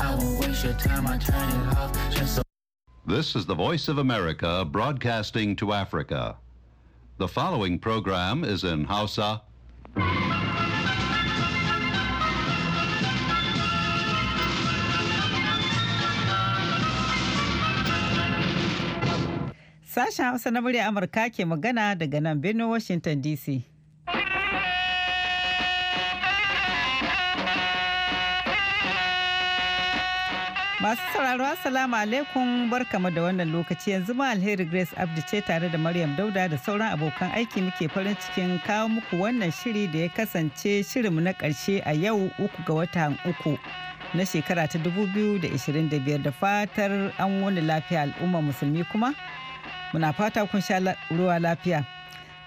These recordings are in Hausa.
I won't waste your time, I turn it off. So this is the Voice of America broadcasting to Africa. The following program is in Hausa. Sashen Hausa na murya Amurka ke magana daga nan birnin Washington DC. Masu sauraro Assalamu alaikum barkamu da wannan lokaci yanzu ma alheri Grace Abdi ce tare da Maryam Dauda da sauran abokan aiki muke farin cikin kawo muku wannan shiri da ya kasance shirinmu na ƙarshe a yau uku ga watan uku na shekara ta 2025 da fatar an wani lafiya al'umma musulmi kuma muna fata kun sha ruwa lafiya.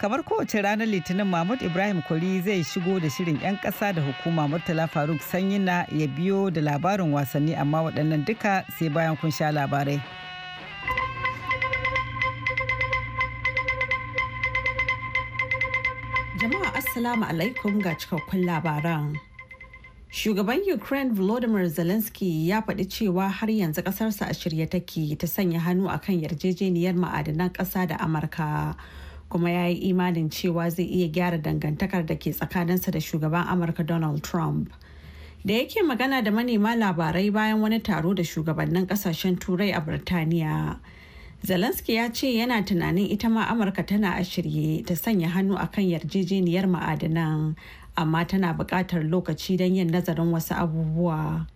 kamar kowace ranar litinin mahmud ibrahim kwari zai shigo da shirin 'yan kasa da hukuma murtala faruk sanyina ya biyo da labarin wasanni amma waɗannan duka sai bayan kun sha labarai jama'a assalamu alaikum ga cikakkun labaran shugaban ukraine volodymyr zelensky ya faɗi cewa har yanzu ƙasarsa a shirye take ta sanya hannu akan yarjejeniyar ma'adanan ƙasa da amurka kuma ya yi imanin cewa zai iya gyara dangantakar da ke tsakaninsa da shugaban amurka donald trump da yake magana da manema labarai bayan wani taro da shugabannin kasashen turai a birtaniya zelensky ya ce yana tunanin ita ma amurka tana a shirye ta sanya hannu akan yarjejeniyar ma'adanan amma tana buƙatar lokaci don yin nazarin wasu abubuwa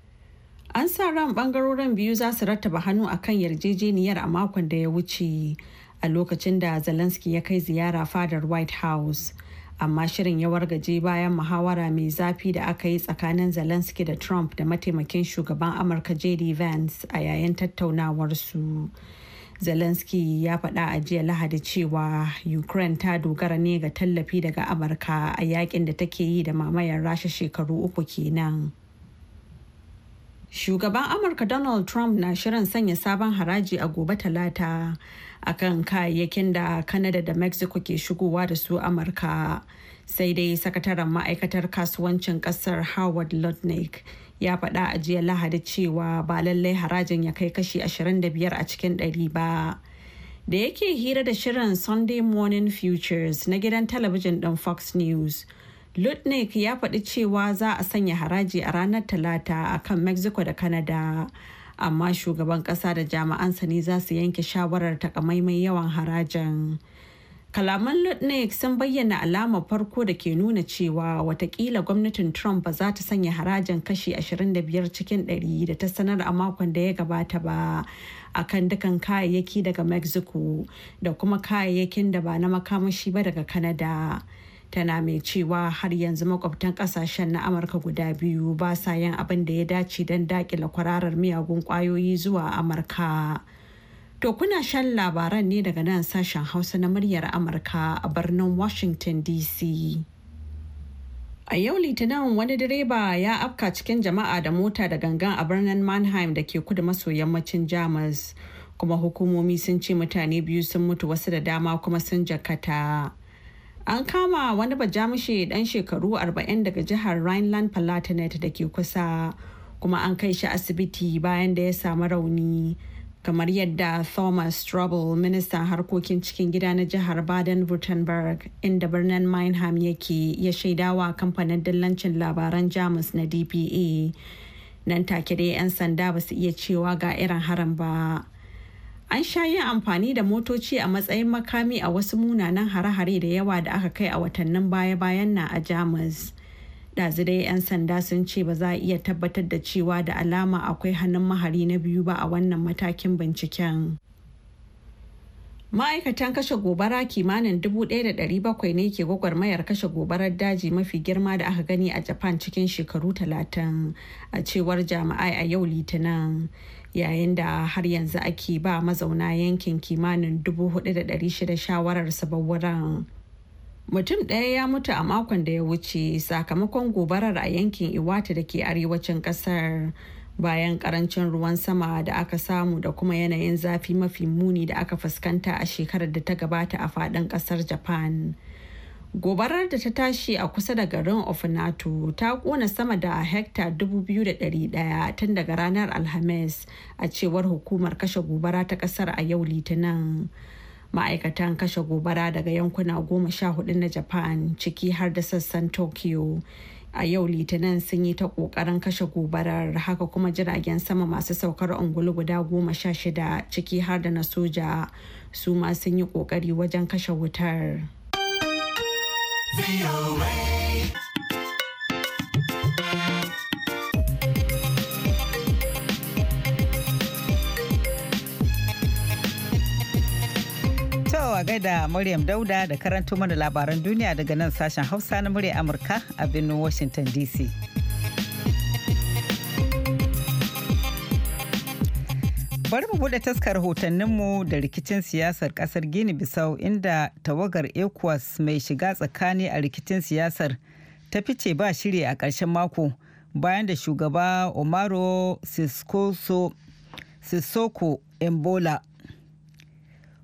an sa ran bangarorin biyu za su rattaba hannu akan yarjejeniyar a makon da ya wuce a lokacin da zelensky ya kai ziyara fadar white house amma shirin ya wargaje bayan muhawara mai zafi da aka yi tsakanin zelensky da trump da mataimakin shugaban amurka jd vance a yayin tattaunawarsu zelensky ya faɗa a jiya lahadi cewa ukraine ta dogara ne ga tallafi daga amurka a yakin da take yi da mamayar rasha shekaru uku kenan. Shugaban Amurka Donald Trump na shirin sanya sabon haraji a gobe talata akan kayayyakin da Canada da Mexico ke shigowa da su Amurka. Sai dai sakataren ma'aikatar kasuwancin kasar Howard Lutnick ya faɗa a jiya Lahadi cewa ba lallai harajin ya kai kashi 25 a cikin ɗari ba. Da yake hira da shirin Sunday Morning Futures na gidan talabijin ɗin Fox News. Lutnick ya faɗi cewa za a sanya haraji a ranar Talata a kan Mexico da Canada. Amma shugaban ƙasa da jami'ansa ne za su yanke shawarar takamaiman yawan harajin. Kalaman Lutnick sun bayyana alamar farko da ke nuna cewa watakila gwamnatin Trump ba za ta sanya harajin kashi 25 cikin 100 da ta sanar a makon da ya gabata ba a kan dukan kayayyaki daga Mexico da kuma kayayyakin da ba na makamashi ba daga Canada. tana mai cewa har yanzu makwabtan kasashen na amurka guda biyu ba sa yin abin da ya dace don dakila kwararar miyagun kwayoyi zuwa amurka to kuna shan labaran ne daga nan sashen hausa na muryar amurka a birnin washington dc A yau Litinin wani direba ya afka cikin jama'a da mota da gangan a birnin Mannheim da ke kudu maso yammacin Jamus. Kuma hukumomi sun ce mutane biyu sun mutu wasu da dama kuma sun jakata. An kama wani bajamushe ɗan shekaru 40 daga jihar Rhineland-Palatinate da ke kusa, kuma an kai shi asibiti bayan da ya samu rauni. kamar yadda Thomas Strobel, ministan harkokin cikin gida na jihar Baden-Württemberg, inda birnin Meinham yake ya shaidawa kamfanin dillancin labaran Jamus na DPA. Nan take dai 'yan sanda ba su iya cewa ga irin harin ba. an sha yin amfani da motoci a matsayin makami a wasu munanan hare-hare da yawa da aka kai a watannin baya-bayan na a jamus ɗazu dai 'yan sanda sun ce ba za a iya tabbatar da cewa da alama akwai hannun mahari na biyu ba a wannan matakin binciken ma'aikatan kashe gobara kimanin 1,700 ne ke gwagwarmayar kashe gobarar daji mafi girma da aka gani a japan cikin shekaru 30 a cewar jami'ai a yau litinin yayin da har yanzu ake ba mazauna yankin kimanin 4,600 shawarar sabawaran mutum ɗaya ya mutu a makon da ya wuce sakamakon gobarar a yankin iwata da ke arewacin ƙasar bayan ƙarancin ruwan sama da aka samu da kuma yanayin zafi mafi muni da aka fuskanta a shekarar da ta gabata a faɗin ƙasar japan gobarar da ta tashi a kusa da garin ofinato ta kona sama da hekta 2,100 tun daga ranar alhamis a cewar hukumar kashe gobara ta kasar a yau litinin ma'aikatan kashe gobara daga yankuna goma sha hudu na japan ciki har da sassan tokyo a yau litinin sun yi ta kokarin kashe gobarar haka kuma jiragen sama masu saukar ungulu guda goma sha shida ciki har da na soja su ma sun yi kokari wajen kashe wutar. a gaida Maryam Dauda da karanto mana labaran duniya daga nan sashen Hausa na murya Amurka a birnin Washington DC. Bari mu buɗe taskar rahotanninmu da rikicin siyasar ƙasar Gini Bisau inda tawagar ECOWAS mai shiga tsakani a rikicin siyasar ta fice ba shiri a ƙarshen mako bayan da shugaba Omaro Sissoko Embola.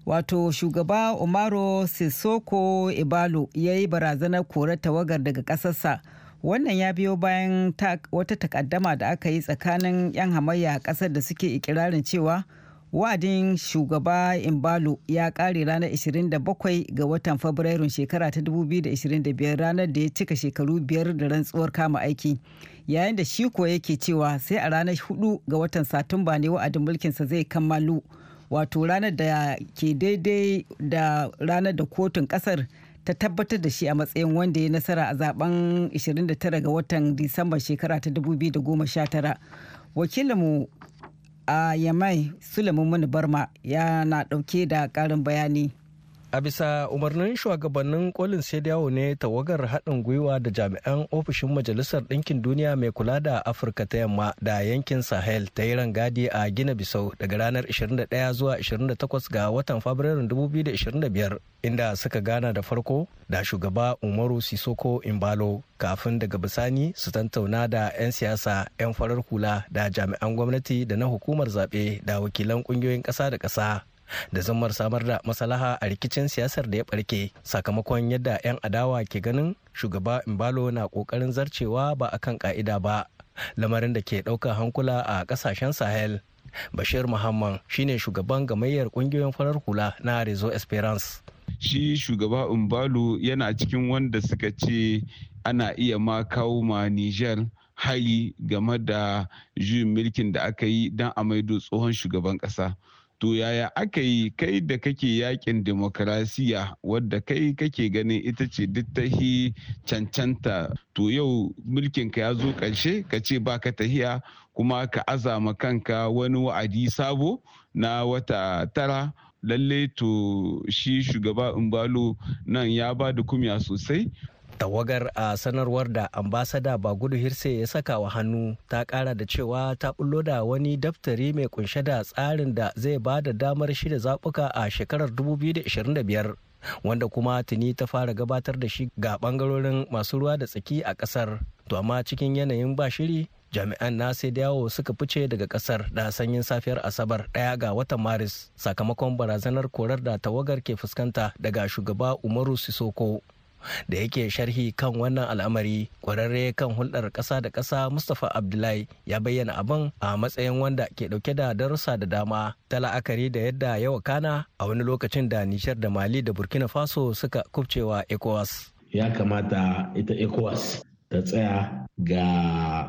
Wato shugaba Omaro Sissoko Ibalo ya yi barazanar korar tawagar daga ƙasarsa. wannan ya biyo bayan wata takaddama da aka yi tsakanin 'yan hamayya a kasar da suke ikirarin cewa wa'adin shugaba imbalo ya kare ranar 27 ga watan fabrairun shekara ta 2025 ranar da ya cika shekaru biyar da rantsuwar kama aiki yayin da shi ko yake cewa sai a ranar 4 ga watan satumba ne wa'adin mulkinsa zai kammalu wato ranar da ke daidai da ranar da kotun kasar ta tabbatar da shi a matsayin wanda ya nasara a zaben 29 ga watan disamba shekara ta 2019 wakilinmu a yamai sulaiman mani barma yana dauke da karin bayani a bisa umarnin shugabannin kolin dawo ne tawagar haɗin gwiwa da jami'an ofishin majalisar ɗinkin duniya mai kula da afirka ta yamma da yankin sahel ta yi rangadi a gina bisau daga ranar 21 zuwa 28 ga watan fabrairun 2025 inda suka gana da farko da shugaba umaru sisoko imbalo kafin daga bisani su tattauna da 'yan siyasa 'yan farar hula da jami'an gwamnati da na hukumar zaɓe da wakilan ƙungiyoyin ƙasa da ƙasa da zammar samar da masalaha a rikicin siyasar da ya barke sakamakon yadda 'yan adawa ke ganin shugaba imbalo na kokarin zarcewa ba a kan ka'ida ba lamarin da ke ɗaukar hankula a ƙasashen sahel bashir muhammad shine shugaban gamayyar ƙungiyoyin farar hula na rezo esperance shi shugaba umbalo yana cikin wanda suka ce ana iya ma kawo ma niger hari game da juyin mulkin da aka yi don a maido tsohon shugaban ƙasa To yaya aka yi kai da kake yakin demokrasiya wadda kai kake ganin ita ce duk hi cancanta to yau mulkinka ya zo ƙarshe ka ce ba ka tahiya kuma ka azama kanka wani wa'adi sabo na wata tara lalle to shi shugaba Umbalo nan ya ba da kumya sosai tawagar a sanarwar da ambasada ba gudu hirse ya saka wa hannu ta kara da cewa ta bullo da wani daftari mai kunshe da tsarin da zai ba da damar shirya zabuka a shekarar 2025 wanda kuma tuni ta fara gabatar da shi ga bangarorin masu ruwa da tsaki a kasar to amma cikin yanayin ba shiri jami'an na sai yawo suka fice daga kasar da sanyin safiyar asabar daya ga watan maris sakamakon barazanar korar da tawagar ke fuskanta daga shugaba umaru sisoko da yake sharhi kan wannan al'amari kwararre kan hulɗar ƙasa da ƙasa mustapha abdullahi ya bayyana abin a matsayin wanda ke ɗauke da darussa da dama ta la'akari da yadda yawa kana a wani lokacin da nishar da mali da burkina faso suka kubcewa ecowas ya kamata ita ecowas ta tsaya ga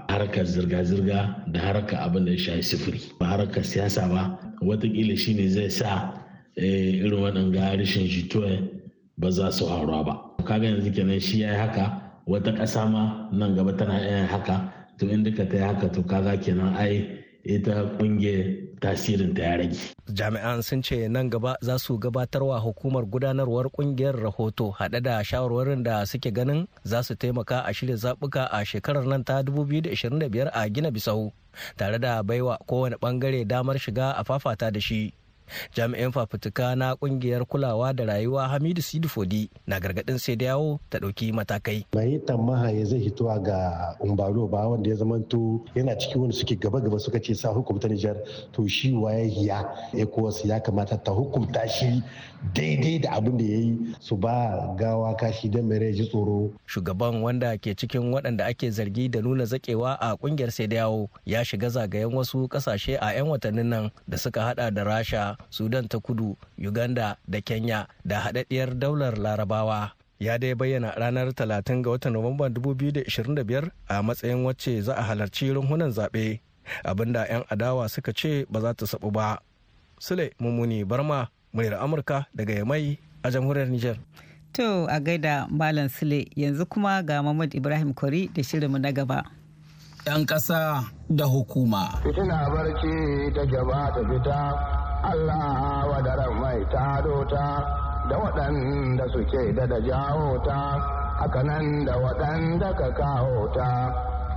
harkar zirga-zirga da harkar abin da ya shafi sifiri ba harkar siyasa ba watakila shine zai sa eh, irin ga rashin jituwa ba za su haura ba kaga yanzu kenan shi ya yi haka wata ƙasa ma nan gaba tana yin haka to in duka ta yi haka to kaga kenan ai ita ƙungiyar tasirin ta ya rage. Jami'an sun ce nan gaba za su wa hukumar gudanarwar kungiyar rahoto haɗe da shawarwarin da suke ganin za su taimaka a shirya zaɓuka a shekarar nan ta 2025 a gina bisau tare da baiwa kowane bangare damar shiga a fafata da shi. jami'in fafutuka na kungiyar kulawa da rayuwa hamidu sidifodi na gargadin sai da yawo ta dauki matakai mai tamaha ya zai hitowa ga umbaro ba wanda ya zamanto yana cikin wanda suke gaba gaba suka ce sa hukumta nijar to shi waye hiya ecowas ya kamata ta hukumta shi daidai da abin da ya yi su ba gawa kashi don mai ji tsoro shugaban wanda ke cikin waɗanda ake zargi da nuna zakewa a kungiyar sai da yawo ya shiga zagayen wasu ƙasashe a 'yan watannin nan da suka hada da rasha sudan ta kudu uganda da kenya da haɗaɗɗiyar daular larabawa ya dai bayyana ranar 30 ga watan nuwamban 2025 a matsayin wacce za a halarci runhunan zaɓe abinda 'yan adawa suka ce ba za ta saɓu ba sule mummuni barma muryar amurka daga yamai a jamhuriyar niger to a gaida malam sule yanzu kuma ga mahmud ibrahim kori da shirinmu na gaba 'yan ƙasa da hukuma fitina barci take gaba ta fita Allah wadaran mai taro ta da waɗanda suke da da jawo ta hakanan da waɗanda ka kawo ta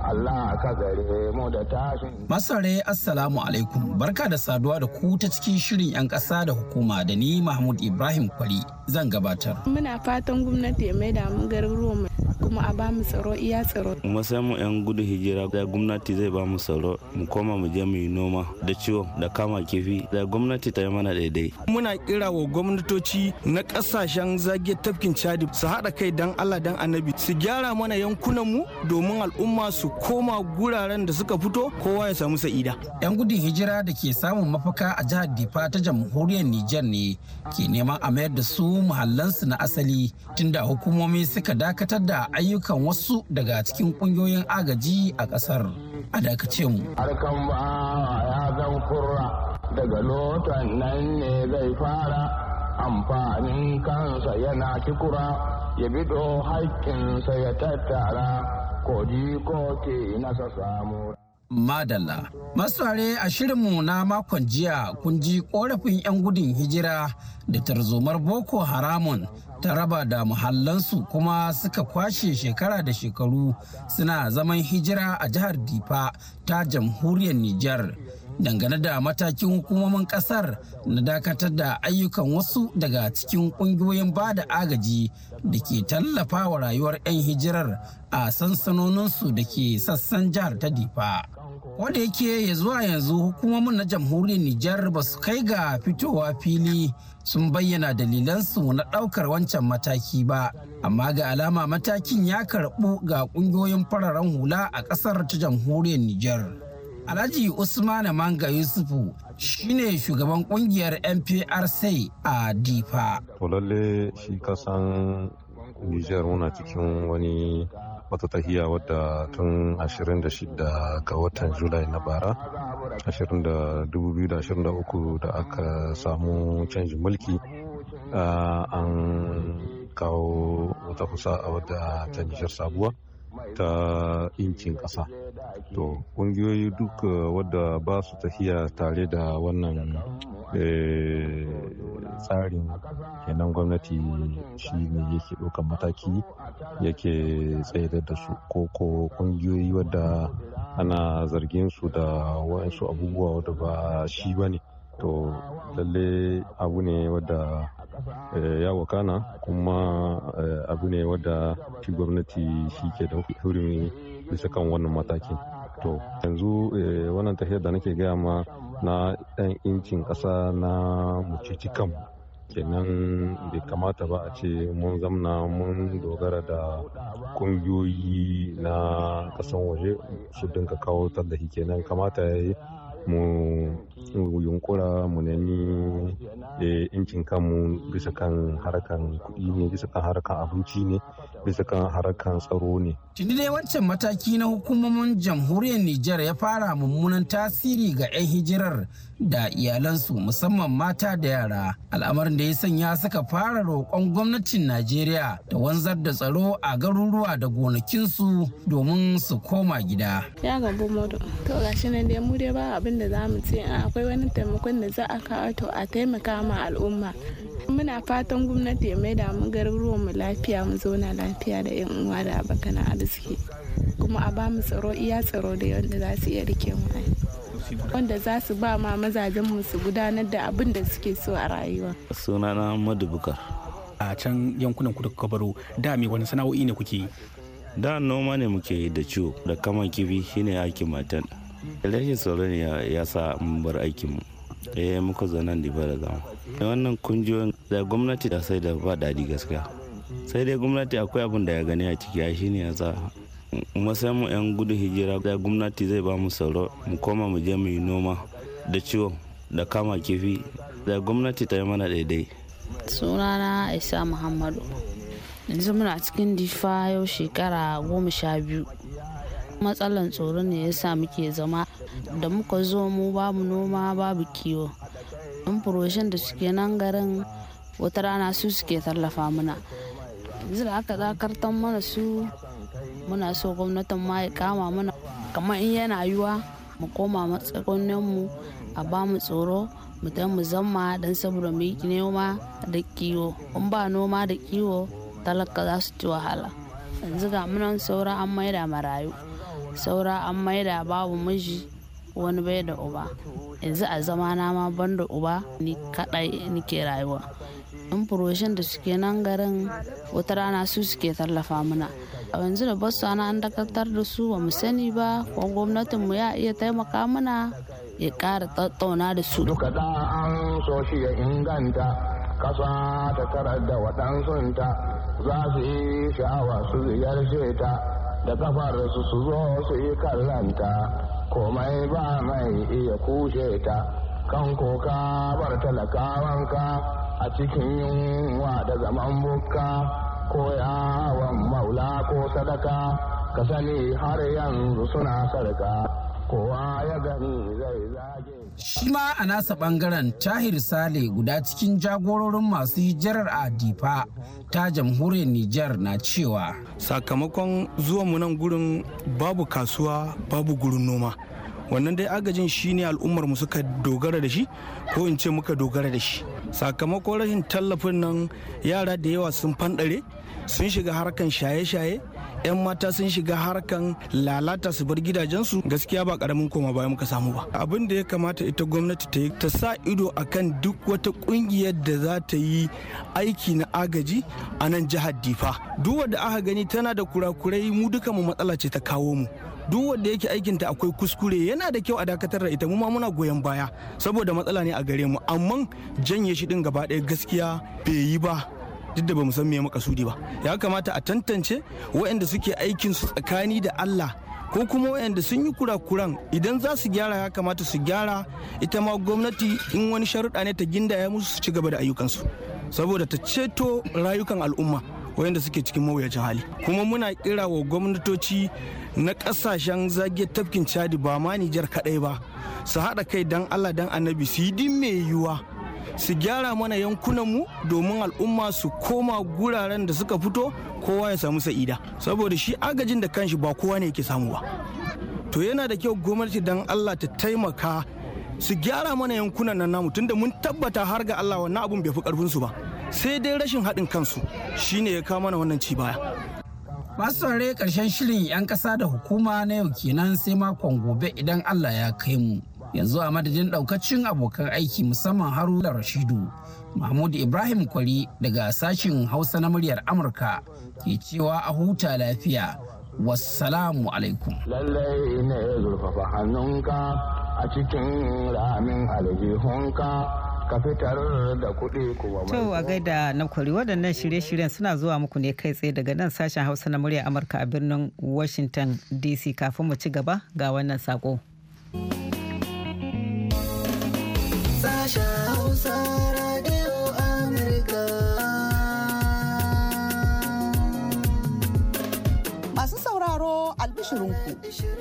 Allah ka gare mu da tashin. Masare Assalamu alaikum barka da saduwa da ku ta cikin shirin 'yan ƙasa da hukuma da ni Mahmud Ibrahim Kwari zan gabatar. Muna fatan gwamnati ya mai da mu garuruwan kuma a ba mu tsaro iya tsaro. Kuma sai mu 'yan gudu hijira da gwamnati zai ba mu tsaro mu koma mu je mu yi noma da ciwo da kama kifi da gwamnati ta yi mana daidai. Muna kira wa gwamnatoci na ƙasashen zage tafkin Chadi su haɗa kai dan Allah dan Annabi su gyara mana yankunan mu domin al'umma su koma guraren da suka fito kowa ya samu sa'ida. 'Yan gudun hijira da ke samun mafaka a jihar Difa ta jamhuriyar Nijar ne ke neman a mayar da su muhallansu na asali tunda hukumomi suka dakatar da ayyukan wasu daga cikin kungiyoyin agaji a kasar. A dakace mu. Harkan ba ya zan kurra daga lotan nan ne zai fara amfanin kansa yana kikura ya bido haƙƙinsa ya tattara koji ko ke nasa samu. Madalla, masare a shirinmu na makon jiya kun ji korafin 'yan gudun hijira da tarzomar Boko Haramun ta raba da muhallansu kuma suka kwashe shekara da shekaru suna zaman hijira a jihar Difa ta jamhuriyar Nijar. dangane da matakin hukumomin kasar na dakatar da ayyukan wasu daga cikin kungiyoyin ba da agaji da ke tallafa wa rayuwar 'yan hijirar a sansanoninsu da ke sassan jihar ta difa wanda yake ya zuwa yanzu hukumomin na jamhuriyar nijar ba su kai ga fitowa fili sun bayyana dalilansu na ɗaukar wancan mataki ba amma ga alama matakin ya karɓu ga ƙungiyoyin fararen hula a ƙasar ta jamhuriyar nijar Alhaji Usman Manga Yusufu shine shugaban kungiyar NPRC a Difa. To lalle shi kasan Nijar muna cikin wani wata tahiya wadda tun 26 ga watan Julai na bara 2023 da aka samu canjin mulki ah, an kawo wata kusa a wadda ta sabuwa. ta inkin ƙasa to ƙungiyoyi duk wadda ba su tafiya tare da wannan eh, tsarin kenan gwamnati shi ne yake ɗaukan mataki yake tsayar da su ko ko ƙungiyoyi wadda ana zargin su da wa'ansu abubuwa wadda ba shi ba ne to lalle abu ne wadda Eh, ya wakana kuma eh, abu ne wadda shi gwamnati shi ke da hurumi bisa kan wannan mataki to yanzu eh, wannan tafiyar da nake gaya ma na 'yan incin ƙasa na mucici kanmu kenan bai kamata ba a ce mun zamna mun dogara da ƙungiyoyi na kasan waje su dinka kawo tallafi kenan kamata ya yi mu mu yunkura mu nemi yankin eh, kanmu bisa kan harkan kuɗi ne bisa kan harkan abinci ne bisa kan harkan tsaro ne. Tuni dai wancan mataki na hukumomin jamhuriyar Nijar ya fara mummunan tasiri ga 'yan hijirar da iyalansu musamman mata da yara al'amarin da ya sanya suka fara roƙon gwamnatin Najeriya da wanzar da tsaro a garuruwa da gonakinsu domin su koma gida. Ya gambo to gashi nan mu dai ba abin da za mu ce a ah, akwai wani taimakon da za a kawo to a taimaka ma al'umma muna fatan gwamnati ya da mu garuruwan mu lafiya mu zauna lafiya da yan uwa da abokan arziki kuma a ba mu tsaro iya tsaro da yadda za su iya rike mu wanda za su ba ma mazajen mu su gudanar da abin da suke so a rayuwa sunana madubukar a can yankunan kudu kabaro da me wani sana'o'i ne kuke yi da noma ne muke yi da ciwo da kaman kifi shine aikin matan rashin tsaro ne ya sa mun bar aikin mu eh muka zo da bara zama wannan kungiyoyin da gwamnati da sai da ba daɗi gaskiya sai dai gwamnati akwai abin da ya gani a ciki ya shine ya sa masai mu yan gudu hijira da gwamnati zai ba mu sauro mu koma mu je mu yi noma da ciwo da kama kifi da gwamnati ta yi mana daidai sunana isa muhammadu yanzu muna cikin difa yau shekara goma sha biyu matsalan tsoro ne ya sa muke zama da muka zo mu babu noma babu kiwo in furoshin da suke nan garin wata rana su suke tallafa mana zira aka zakartan mana su muna so gwamnatin ma ya kama mana kamar in yana yiwa mu koma matsakoninmu a ba mu tsoro mu ta mu zama don saboda mu yi noma da kiwo in ba noma da kiwo talaka za su ci wahala yanzu ga munan saura an maida marayu saura an maida babu miji wani bai da uba yanzu a zama na ma ban da uba ni kadai nike rayuwa in furoshin da suke nan garin wata rana su suke tallafa mana a yanzu da basu ana an dakatar da su ba mu sani ba ko gwamnatin mu ya iya taimaka mana ya kara tattauna da su duka da an so shi ya inganta kasa ta tarar da waɗansunta za su yi sha'awa su ziyarce ta da kafarsu su zo su yi kallanta komai ba mai iya kushe ta kan koka bar talakawanka a cikin yunwa da zaman bukka ko yawon maula ko sadaka ka sani har yanzu suna sarka kowa ya gani zai zage shi ma a nasa bangaren tahir sale guda cikin jagororin masu hijirar a difa ta jamhuriyar nijar na cewa sakamakon zuwanmu nan gurin babu kasuwa babu gurin noma wannan dai agajin shine ne al'ummar mu suka dogara da shi ko in ce muka dogara da shi sakamakon rashin tallafin nan yara da yawa sun fanɗare sun shiga harkan shaye-shaye 'yan mata sun shiga harkan lalata su bar gidajensu gaskiya ba karamin koma baya muka samu ba abin da ya kamata ita gwamnati ta yi ta sa ido akan duk wata kungiyar da za ta yi aiki na agaji a nan jihar difa duk wanda aka gani tana da kurakurai mu duka mu matsala ce ta kawo mu duk wanda yake aikinta akwai kuskure yana da kyau a dakatar da ita mu ma muna goyon baya saboda matsala ne a gare mu amma janye shi din gaba ɗaya gaskiya bai yi ba duk da bamu san me makasudi ba ya kamata a tantance waɗanda suke aikin su tsakani da Allah ko kuma waɗanda sun yi kurakuran idan za su gyara ya kamata su gyara ita ma gwamnati in wani sharuɗa ne ta gindaya musu su ci gaba da ayyukansu saboda ta ceto rayukan al'umma wayanda suke cikin mawuyacin hali kuma muna kira wa gwamnatoci na kasashen zage tafkin chadi ba ma nijar kadai ba su haɗa kai dan allah dan annabi su yi din mai yiwuwa su gyara mana yankunan mu domin al'umma su koma guraren da suka fito kowa ya samu sa'ida saboda shi agajin da kanshi ba kowa ne yake samu ba to yana da kyau gwamnati dan allah ta taimaka su gyara mana yankunan nan namu tunda mun tabbata har ga allah wannan abun bai fi karfin su ba sai dai rashin haɗin kansu shine ya kawo mana wannan ci baya masu saurare ƙarshen shirin 'yan ƙasa da hukuma na yau kenan sai makon gobe idan allah ya kai mu yanzu a madadin ɗaukacin abokan aiki musamman haruna rashidu mahmud ibrahim kwari daga sashin hausa na muryar amurka ke cewa a huta lafiya wassalamu alaikum lallai ne zurfafa hannunka a cikin ramin aljihunka ka da kuɗi kuma to a gaida na kwari waɗannan shirye-shiryen suna zuwa muku ne kai tsaye daga nan sashen hausa na murya amurka a birnin washington dc kafin mu ci gaba ga wannan sako. Sashen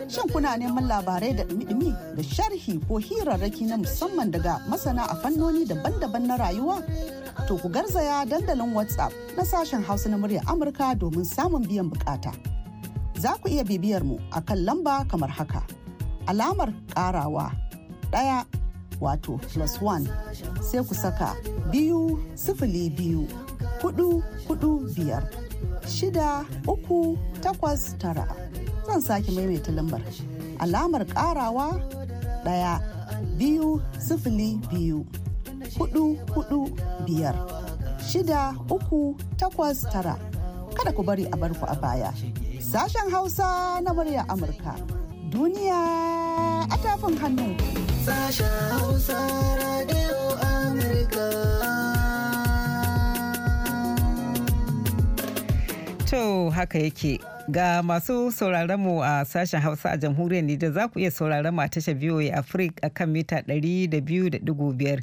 Shin kuna neman labarai da ɗumi da sharhi ko hirarraki na musamman daga masana a fannoni daban-daban na rayuwa? To ku garzaya dandalin WhatsApp na sashen Hausa na muryar Amurka domin samun biyan bukata. Za ku iya bibiyar mu a kan lamba kamar haka. Alamar karawa ɗaya wato plus one sai ku saka biyu sifili biyu hudu hudu biyar shida uku takwas tara. zan sake maimaita lambar alamar karawa ɗaya biyu sifili biyu hudu hudu biyar shida uku takwas tara kada ku bari a barku a baya sashen hausa na murya amurka duniya a tafin hannu sashen hausa radio amurka to haka yake Ga masu sauraron mu a sashen Hausa a jamhuriyar Nijar za ku iya sauraron mu a tashar VOA Africa a kan mita 200.5.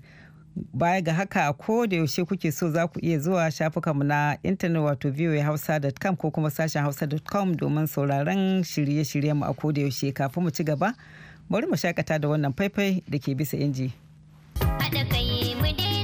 Baya ga haka a ko da yaushe kuke so za ku iya zuwa shafukanmu na intanet wato voahausa.com ko kuma sashen hausa.com domin sauraron shirye-shiryen mu a ko da yaushe kafin mu ci gaba. Bari mu shakata da wannan faifai da ke bisa inji. Haɗa kai mu dai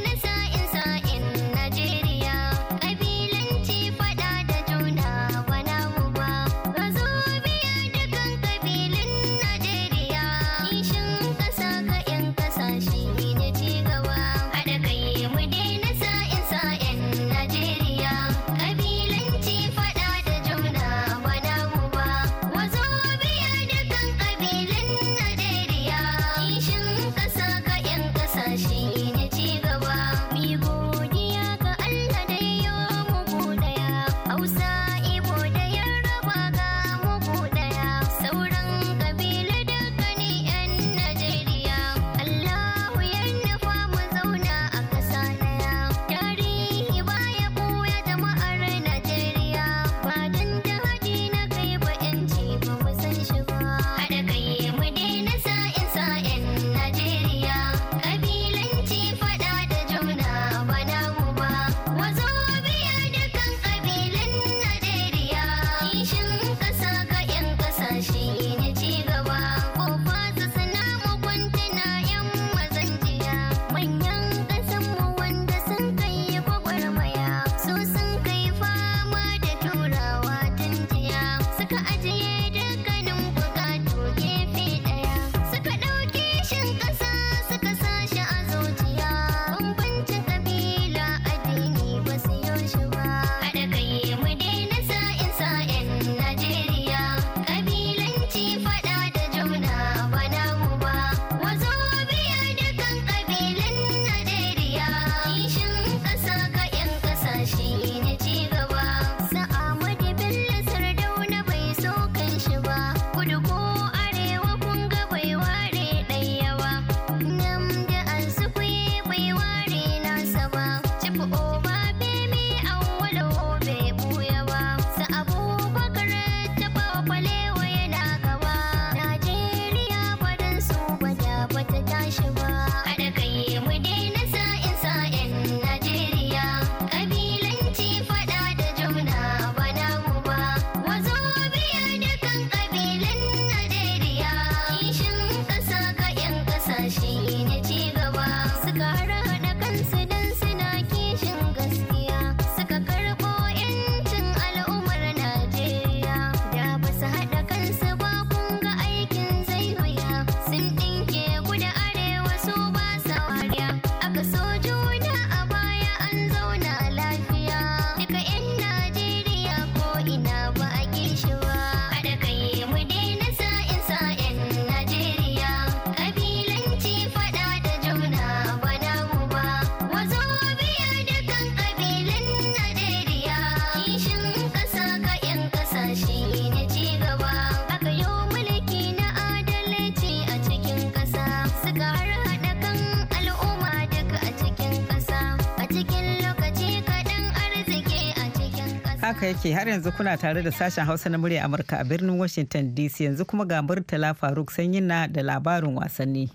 haka yake har yanzu kuna tare da sashen hausa na murya amurka a birnin washington dc yanzu kuma ga murtala faruk na da labarin wasanni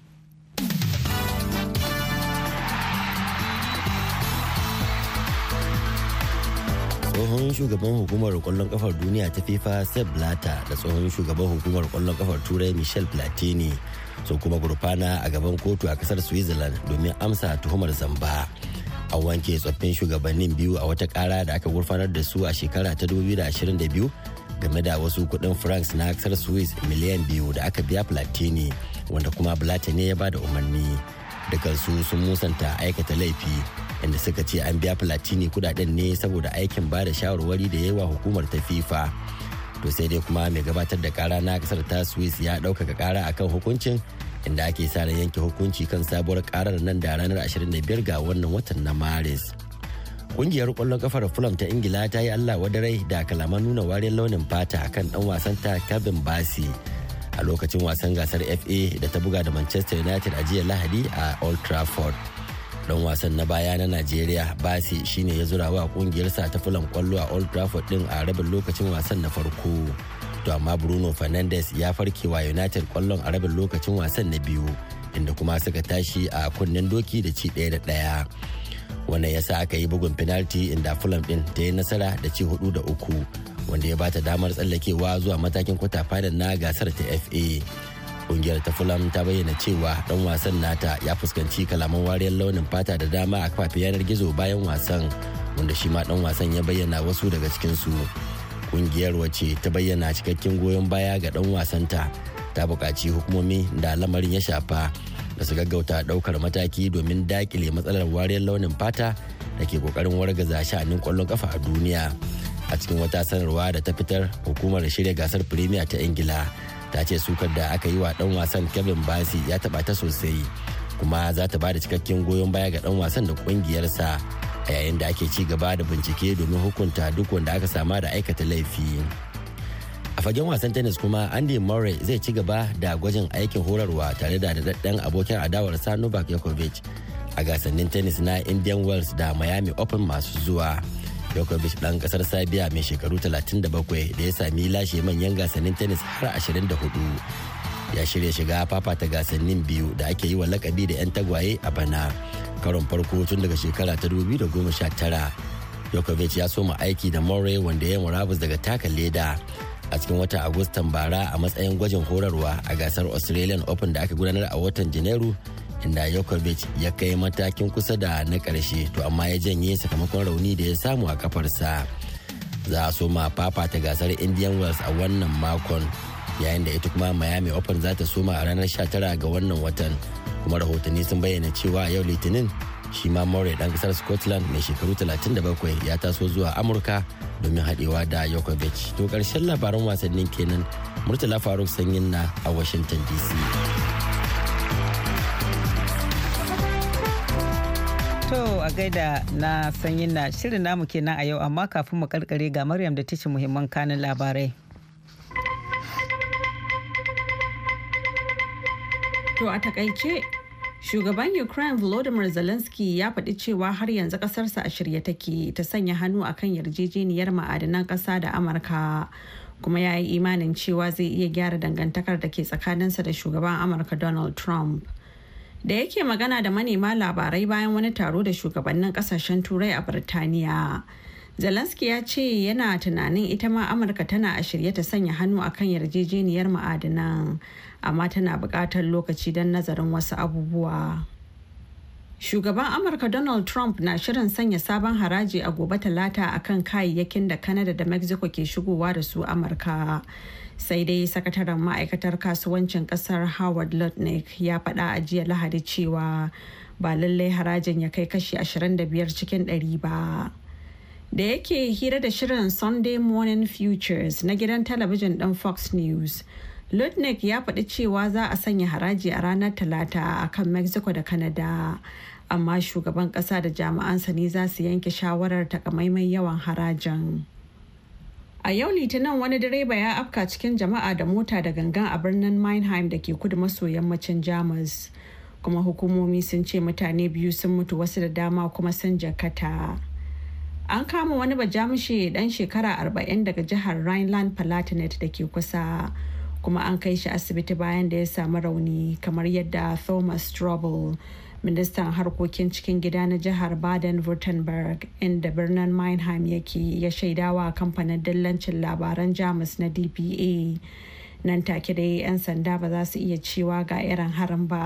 tsohon shugaban hukumar kwallon kafar duniya ta fifa sep blata da tsohon shugaban hukumar kwallon kafar turai michel platini sun kuma gurfana a gaban kotu a kasar switzerland domin amsa tuhumar zamba. a wanke tsoffin shugabannin biyu a wata kara da aka gurfanar da su a shekara ta 2022 game da wasu kudin francs na kasar swiss miliyan biyu da aka biya platini wanda kuma platini ya ba da umarni dukansu sun musanta aikata laifi inda suka ce an biya platini kudaden ne saboda aikin ba da shawarwari da yawa hukumar ta fifa to sai dai kuma mai gabatar da kara na kasar ta swiss ya ɗaukaka kara akan hukuncin inda ake sa ran yanke hukunci kan sabuwar karar nan da ranar 25 ga wannan watan na maris kungiyar kwallon kafar fulham ta ingila ta yi allah wadarai da kalaman nuna wariyar launin fata kan dan wasan ta kevin basi a lokacin wasan gasar fa da ta buga da manchester united a jiya lahadi a old trafford dan wasan na baya na najeriya basi shine ya zura wa kungiyarsa ta fulham kwallo a old trafford din a rabin lokacin wasan na farko to amma bruno fernandes ya farkewa united kwallon a rabin lokacin wasan na biyu inda kuma suka tashi a kunnen doki da ci ɗaya da ɗaya wannan ya sa aka yi bugun finalti inda fulham ɗin ta yi nasara da ci hudu da uku wanda ya bata damar tsallakewa zuwa matakin kwata fadar na gasar ta fa ƙungiyar ta fulham ta bayyana cewa ɗan wasan nata ya fuskanci kalaman wariyar launin fata da dama a kafafen yanar gizo bayan wasan wanda shi ma dan wasan ya bayyana wasu daga cikinsu kungiyar wace ta bayyana cikakken goyon baya ga dan wasanta ta buƙaci hukumomi da lamarin ya shafa da su gaggauta ɗaukar mataki domin dakile matsalar wariyar launin fata da ke ƙoƙarin wargaza sha'anin ƙwallon ƙafa a duniya a cikin wata sanarwa da ta fitar hukumar shirya gasar firimiya ta ingila ta ce sukar da aka yi wa ɗan wasan kevin basi ya taɓa ta sosai kuma za ta ba da cikakken goyon baya ga ɗan wasan da ƙungiyarsa yayin da ake ci gaba da bincike domin hukunta duk wanda aka sama da aikata laifi a fagen wasan tennis kuma andy murray zai ci gaba da gwajin aikin horarwa tare da daɗaɗɗen abokin adawarsa novak yakovic a gasannin tennis na indian wells da miami open masu zuwa yakovic ɗan ƙasar Sabiya mai shekaru 37 da ya sami lashe manyan gasannin tennis har 24 ya shirya shiga fafata gasannin biyu da ake yi wa lakabi da 'yan tagwaye a bana karon farko tun daga shekara ta 2019 yokovic ya soma aiki da Murray wanda ya murabus daga taka leda a cikin watan Agustan bara a matsayin gwajin horarwa a gasar Australian Open da aka gudanar a watan Janairu inda yokovic ya kai matakin kusa da na karshe to amma ya janye sakamakon rauni da ya samu a kafarsa. Za a soma fafata gasar Indian Wells a wannan makon. yayin da ita kuma miami open za ta suma a ranar 19 ga wannan watan kuma rahotanni sun bayyana cewa yau litinin shi ma more dan kasar scotland mai shekaru 37 ya taso zuwa amurka domin haɗewa da yokovic to ƙarshen labaran wasannin kenan murtala faruk sanyin na a washington dc To a gaida na sanyin na shirin namu kenan a yau amma kafin mu karkare ga Maryam da tashi muhimman kanin labarai. To a takaice, shugaban Ukraine Volodymyr Zelensky ya faɗi cewa har yanzu ƙasarsa a shirye take ta sanya hannu a kan yarjejeniyar ma'adanan ƙasa da Amurka. kuma ya yi imanin cewa zai iya gyara dangantakar da ke tsakaninsa da shugaban amurka donald trump da yake magana da manema labarai bayan wani taro da shugabannin kasashen turai a birtaniya Zelensky ya ce yana tunanin ita ma Amurka tana a shirye ta sanya hannu a kan yarjejeniyar ma'adinan amma tana buƙatar lokaci don nazarin wasu abubuwa. Shugaban Amurka Donald Trump na shirin sanya sabon haraji a gobe talata akan kayayyakin da Kanada da Mexico ke shigowa da su Amurka. Sai dai sakataren ma'aikatar kasuwancin kasar Howard Lutnick ya faɗa a jiya Lahadi cewa ba lallai harajin ya kai kashi 25 cikin 100 ba. da yake hira da shirin sunday morning futures na gidan talabijin ɗin fox news lutnick ya faɗi cewa za a sanya haraji a ranar talata a kan mexico da canada amma shugaban ƙasa da sa ne za su yanke shawarar takamaiman yawan harajin a yau litinin wani direba ya afka cikin jama'a da mota da gangan a birnin meinheim da ke kudu maso yammacin jamus kuma hukumomi sun ce mutane biyu sun mutu wasu da dama kuma sun jakata. an kama wani bajamushe dan shekara 40 daga jihar rhineland palatinate da ke kusa kuma an kai shi asibiti bayan da ya samu rauni kamar yadda thomas strobel ministan harkokin cikin gida na jihar baden-württemberg inda birnin meinheim yake ya shaidawa kamfanin dillancin labaran jamus na dpa nan take dai 'yan sanda ba za su iya cewa ga irin harin ba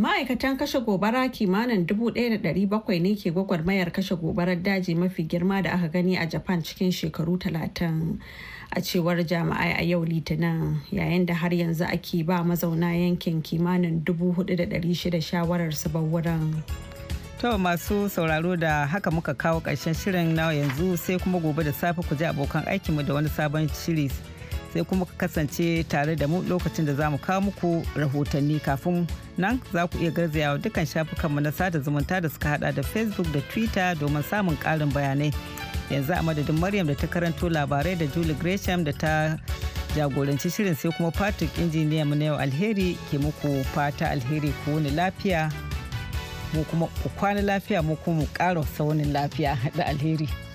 ma'aikatan kashe gobara kimanin 1,700 ne ke gwagwarmayar kashe gobarar daji mafi girma da aka gani a japan cikin shekaru 30 a cewar jami'ai a yau litinin yayin da har yanzu ake ba mazauna yankin kimanin 4,600 shawarar su wurin. To masu sauraro da haka muka kawo karshen shirin na yanzu sai kuma gobe da safe ku ji abokan aikinmu da wani sabon shiri. sai kuma ka kasance tare da mu lokacin da za mu kawo muku rahotanni kafin nan za ku iya garzayawa dukkan shafukanmu na sada zumunta da suka hada da facebook da twitter domin samun karin bayanai yanzu a madadin maryam da ta karanto labarai da julie gresham da ta jagoranci shirin sai kuma patrick injiniya mu na yau alheri ke muku fata alheri ku wani lafiya mu kuma ku kwana lafiya mu kuma mu ƙara saunin lafiya da alheri.